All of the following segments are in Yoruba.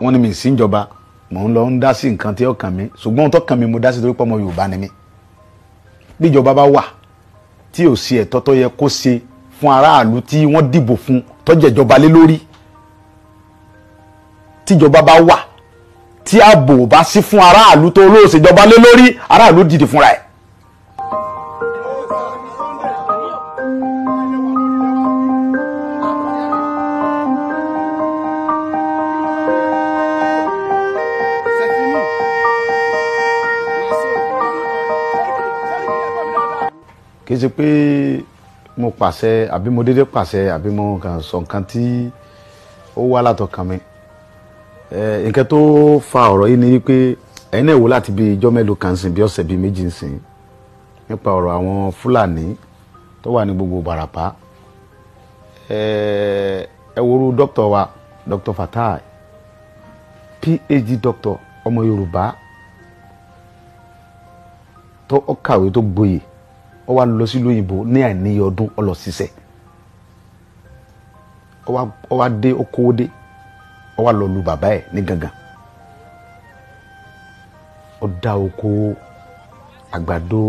wọ́n ní mi sí ìjọba mò ń lọ ń dá sí nǹkan tí ó kàn mí ṣùgbọ́n ohun tó kàn mí mo dá sí torí pé ọmọ Yorùbá ni mí bíjọba bá wà tí ò sí ẹ̀tọ́ tó yẹ kó ṣe fún aráàlú tí wọ́n dìbò fún tọ́jẹ̀jọba lé lórí tíjọba bá wà tí ààbò bá sí fún aráàlú tó olóòṣèjọba lé lórí aráàlú dìde fúnra ẹ̀ kì í ṣe pé mo pàṣẹ àbí mo dédé pàṣẹ àbí mo kàn sọ nǹkan tí ó wá látọkàn mi nǹkan tó fa ọ̀rọ̀ yìí ni pé ẹ̀yin náà wò láti bí ijọ́ mélòó kan sìn bí ọ̀sẹ̀ bíi méjì sìn nípa ọ̀rọ̀ àwọn fúlàní tó wà ní gbogbo Ìbàràpá ẹ wo irú dókítà wa dókítà Fatai PhD dókítà ọmọ Yorùbá tó kàwé tó gboyè ó wá lọ sílùú òyìnbó ní àìníye ọdún ó lọ ṣiṣẹ́ ó wá dé ó kówó dé ó wá lọ lu bàbá ẹ̀ ní gangan ó dá oko àgbàdo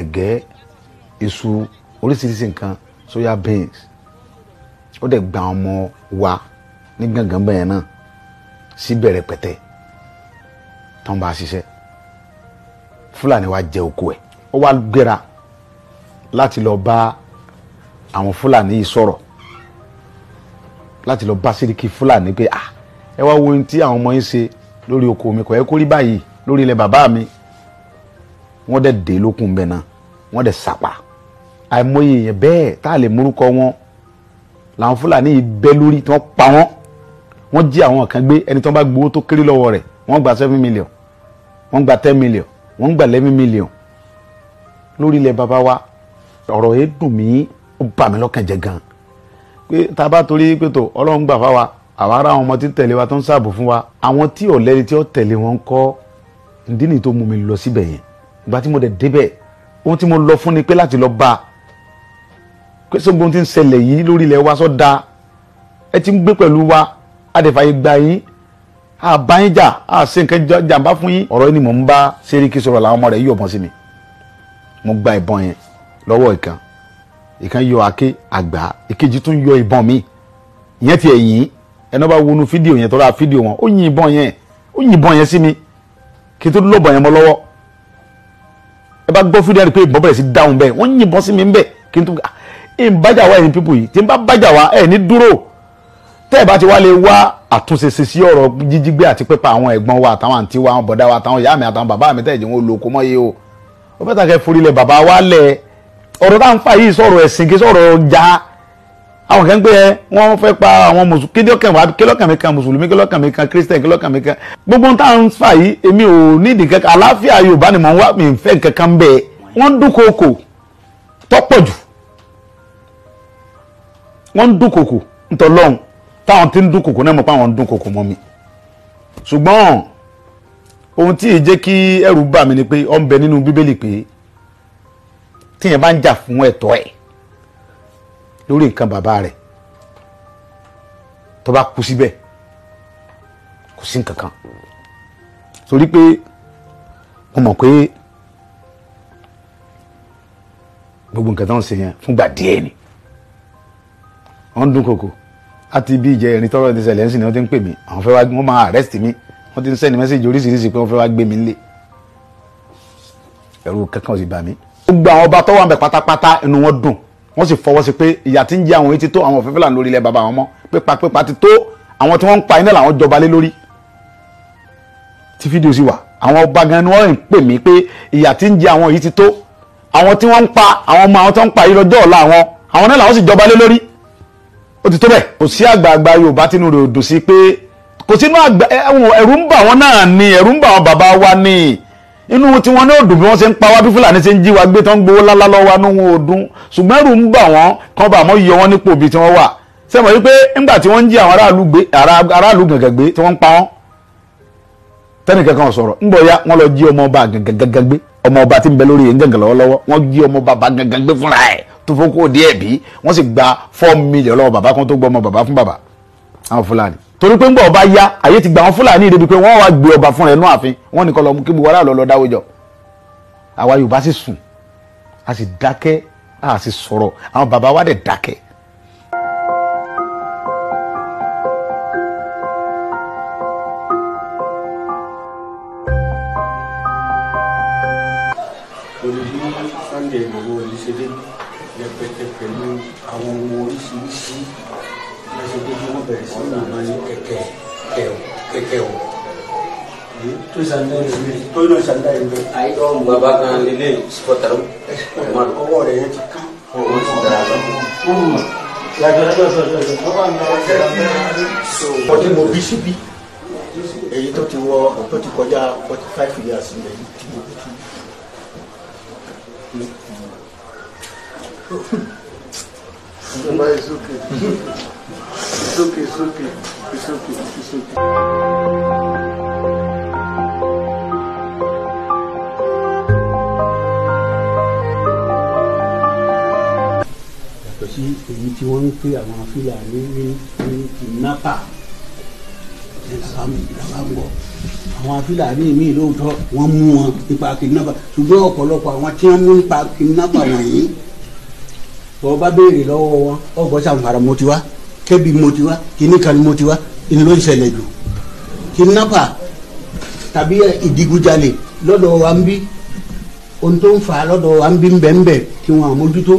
ẹ̀gẹ́ iṣu oríṣiríṣi nǹkan soya beans ó dẹ̀ gba ọmọ wa ní gangan bẹ́ẹ̀ náà sí bẹ̀rẹ̀ pẹ̀tẹ́ tó ń bá a ṣiṣẹ́ fúlàní wa jẹ oko ẹ̀ ó wá gbéra láti lọ bá àwọn fúlàní yìí sọ̀rọ̀ láti lọ bá sẹ́ríkì fúlàní pé ah ẹ wá wo ohun tí àwọn ọmọ yín ṣe lórí oko mi kò yẹ kó rí báyìí lórí ilẹ̀ bàbá mi wọ́n dẹ̀ dé lókun bẹ̀ náà wọ́n dẹ̀ sàpà àìmọye yẹn bẹ́ẹ̀ tá a lè múrúkọ wọn làwọn fúlàní yìí bẹ́ lórí tí wọ́n pa wọ́n wọ́n jí àwọn kan gbé ẹni tí wọ́n bá gbowó tó kéré lọ́wọ́ rẹ̀ wọ́n gba seven million wọ́n gba ten million wọ́n gba eleven million lórí ilẹ̀ bàbá wa ọ̀rọ̀ yẹn dùn mí ó bà mí lọ́kàn jẹ́ gan pé tá a bá torí pé ọlọ́run gbà fáwa àwa ará àwọn ọmọ tí tẹ̀lé wa tó ń ṣààbò fún wa àwọn tí ọ̀lẹ́ni tí ó tẹ̀lé wọn kọ́ ìdí nìyí tó mú mi lọ síbẹ̀ yẹn ìgbà tí mo dẹ̀ débẹ̀ ohun tí mo lọ fún ni pé láti lọ bá a pé sógun ti ń ṣẹlẹ̀ yìí lórí ilẹ̀ wa sọ da ẹ ti ń gbé pẹ̀lú wa adẹ̀fàyè gba yín àbáyín jà àṣe nǹkan jàǹbá fún yín ọ̀rọ̀ yìí ni mò ń bá Seriki sọ̀rọ̀ làwọn ọmọ rẹ̀ yí ọ̀bọ̀n sí mi mo gba ìbọn yẹn lọ́wọ́ ìkan ìkan yọ àáké àgbà ìkejì tún yọ ìbọn mi ìyẹn ti ẹ̀yìn ẹni bá wọnú fídíò yẹn tọ́ra fídíò wọn ó yin ìbọn yẹn ó yin ìbọn yẹn sí mi kí n tó lọ́bọ̀ yẹn mọ́ lọ́wọ́ ẹ bá gbọ́ fídíò yẹn pé ìbọn bẹ̀rẹ̀ sí dáhùn bẹ́ẹ̀ wọ́n yin ìbọn sí mi ń bẹ̀ kí n tó ẹ ń bájà wá ẹ̀yin pípù yìí tí n bá bájà wá ẹ̀ ní dúró tẹ́ ẹ̀ bá ti wá lè wá àtúnṣe ṣe sí ọ̀rọ̀ jíjígbé àti pípa àwọn ẹ̀gbọ́n wa àtàwọn àǹtí wa àwọn bọ̀dá wa àtàwọn ìyá mi àtàwọn bàbá mi tẹ́ ẹ̀jẹ̀ wọn lò kó mọ́ yìí o ó bẹ́ẹ̀ tàkẹ́ forílẹ̀ bàbá wa lẹ̀ ọ̀rọ̀ tá à ń fà yìí sọ̀rọ̀ ẹ̀sìn kí sọ̀rọ̀ ọjà àwọn kan gbé ẹ wọn fẹ́ pa àwọn mùsùlùmí kí lọ́kàn wá kí lọ́kàn mi kan mùsùlùmí kí lọ́kàn mi kan kírísítẹ̀ kí lọ́kàn mi kan gbogbo tá à ń fà yìí èmi ò nídìí kankan àlàáfíà Yorùbá ni mò ń wá mi fẹ́ kankan bẹ́ẹ̀ wọ́n dúnkokò tọ́pọ̀ jù wọ́n ń dúnkokò ntọ́lọ́hún táwọn ti ń dúnkokò náà mọ̀ pé àwọn ń dúnkokò mọ́ mi ṣùgbọ́n ohun tí èjẹ́ kí ẹ̀rù bà mí ni pé ó ń bẹ nínú bíbélì pé tíyẹn bá ń jà fún ẹ̀tọ́ ẹ̀ lórí nǹkan bàbá rẹ̀ tó bá kú síbẹ̀ kò sí nǹkan kan torí pé mo mọ̀ pé gbogbo nǹkan tó ń ṣe yẹn fúngbà díẹ̀ ni wọ́n ń dún kòkò àti bí ìjẹ́ ẹ̀rin tọ́rọ̀ ti ń sìn ni wọ́n ti ń pè mí àwọn fẹ́ wá wọ́n máa arrest mi wọ́n ti ń sẹ́ni mẹ́sẹ̀jì oríṣiríṣi pé wọ́n fẹ́ wá gbé mi lé ẹ̀rù kankan ò sì bà mí. gbogbo àwọn ọba tó wà mẹ́ pátápátá inú wọn dùn wọ́n sì fọwọ́ sí pé ìyà tí ń jẹ àwọn etí tó àwọn òfin fúlàní lórí ilẹ̀ bàbá àwọn ọmọ pípapípa ti tó àwọn tí wọ́n ń pa iná làwọn jọba lé lórí tí fídíò sì wà àwọn ọba gan ni wọ́n ń pè mí pé ìyà tí ń jẹ àwọn yìí ti tó àwọn tí wọ́n ń pa àwọn ọmọ àwọn tí wọ́n ń pa yìí lọ́jọ́ ọ̀la àwọn àwọn náà làwọn sì jọba lé lórí ó ti tó bẹ́ẹ̀. kò sí àgbààgbà Yorùbá tínú rẹ̀ ò dùn sí pé kò sínú àgbà ẹ̀rù ń bà wọ́n náà ni ẹ̀rù ń bà wọ́n bàbá wa ni inú tí wọ́n ní òdùn bí wọ́n ṣe ń pa wá bí fúlàní ṣe ń jí wa gbé tán gbowó lálá lọ́wọ́ inú wọn ò dún ṣùgbọ́n ẹ̀rù ń bà wọ́n kán bá àmọ́ yọ wọ́n nípò ibi tí wọ́n wà sẹ́mọ̀ wípé ńgbà tí wọ́n ń jí àwọn aráàlú gàngàn gbé tí wọ́n ń pa wọ́n tẹ́nìkan kan sọ̀rọ̀ ńgbọ̀ ya wọ́n lọ jí ọmọ ọba gàngàn gbé ọmọ ọba tí ń bẹ lórí yẹn lọ́wọ́lọ́wọ́ wọ́n jí ọmọ gàngàn gbé fúnra ẹ̀ four million lọ́wọ́ bàbá kan tó gbọ́ ọmọ bàbá fún torí pé ń gbọ́ ọba ya àyè ti gbà wọn fúlàní ìdíbi pé wọ́n wá gbé ọba fún rẹ̀ nú ààfin wọ́n nìkan lọ́mú kí gbogbo aráàlú lọ dáwọ́ jọ àwa yorùbá sì sùn a sì dákẹ́ a sì sọ̀rọ̀ àwọn bàbá wa dẹ̀ dákẹ́ ẹsẹ̀ gbogbo wọn bẹ̀rẹ̀ sí ní ìmọ̀ ní kẹ̀kẹ́ kẹ̀kẹ́ kẹ̀kẹ́ o. Hmm? tó sàǹdà yìí mi tó baba kan lele sɔtara ọwọ́ rẹ̀ yẹn ti kán. o ti dara lọ. Hmm. yàtọ̀ tó tó tó tó bá ń lọ sẹ́yìn. ọdún mo bí síbi èyí tó ti wọ tó ti kọjá forty five years ní èyí tí mo bí síbi. Báyìí sókè. It's okay, it's okay, it's okay, it's okay. sí èyí tí wọ́n ń pè àwọn fílà ní ní ní kìnnápà ní làbàbọ̀ àwọn fílà ní ìmí lóòótọ́ wọ́n mú wọn nípa kìnnápà ṣùgbọ́n ọ̀pọ̀lọpọ̀ àwọn tí wọ́n mú nípa kìnnápà wọ̀nyí bọ́ béèrè lọ́wọ́ wọn ọ̀gbọ́n sàmùfàràmọ́ ti kébi mo ti wá kíní kan mo ti wá ìlú ìṣẹ̀lẹ̀ jù kidnapper tàbí ìdigunjalè lọ́dọ̀ wa ń bí ohun tó ń fa lọ́dọ̀ wa ń bí nbẹ̀nbẹ̀ tí wọn àmójútó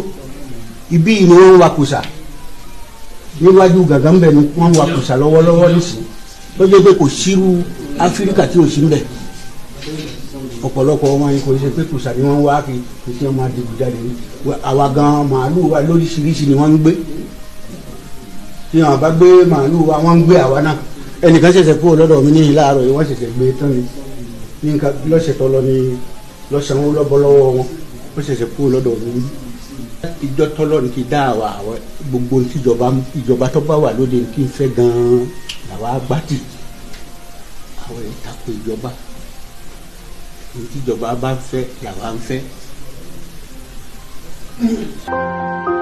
ibí ni wọ́n ń wa kùsà níwájú gàgà ni wọ́n wa kùsà lọ́wọ́lọ́wọ́ nísìn tó jẹ́ pé kò sírú áfíríkà tí ò sí ń bẹ̀ wọn kò ṣe pé kùsà ni wọ́n wá kí kí wọ́n máa digunjalè àwa gan màálù wa lóríṣiríṣi ni wọ́n ń gbé ni àwọn bá gbé màálù wa wọ́n ń gbé àwa náà ẹnìkan ṣẹ̀ṣẹ̀ kúrò lọ́dọ̀ mi níyìn láàárọ̀ yìí wọ́n ṣẹ̀ṣẹ̀ gbé tán ni ní nǹkan lọ́sẹ̀ tó lọ ní lọ́sàn-án lọ́bọ̀lọ́wọ́ wọn wọ́n ṣẹ̀ṣẹ̀ kúrò lọ́dọ̀ mi níyìn. ìjọ tọ́lọ́ ní kí dá àwa gbogbo tíjọba ìjọba tó bá wà lóde ní kí n fẹ́ gan-an làwa gbàtì àwọn ìtakò ìjọba tíjọba bá ń fẹ́ làwa ń fẹ́. Thank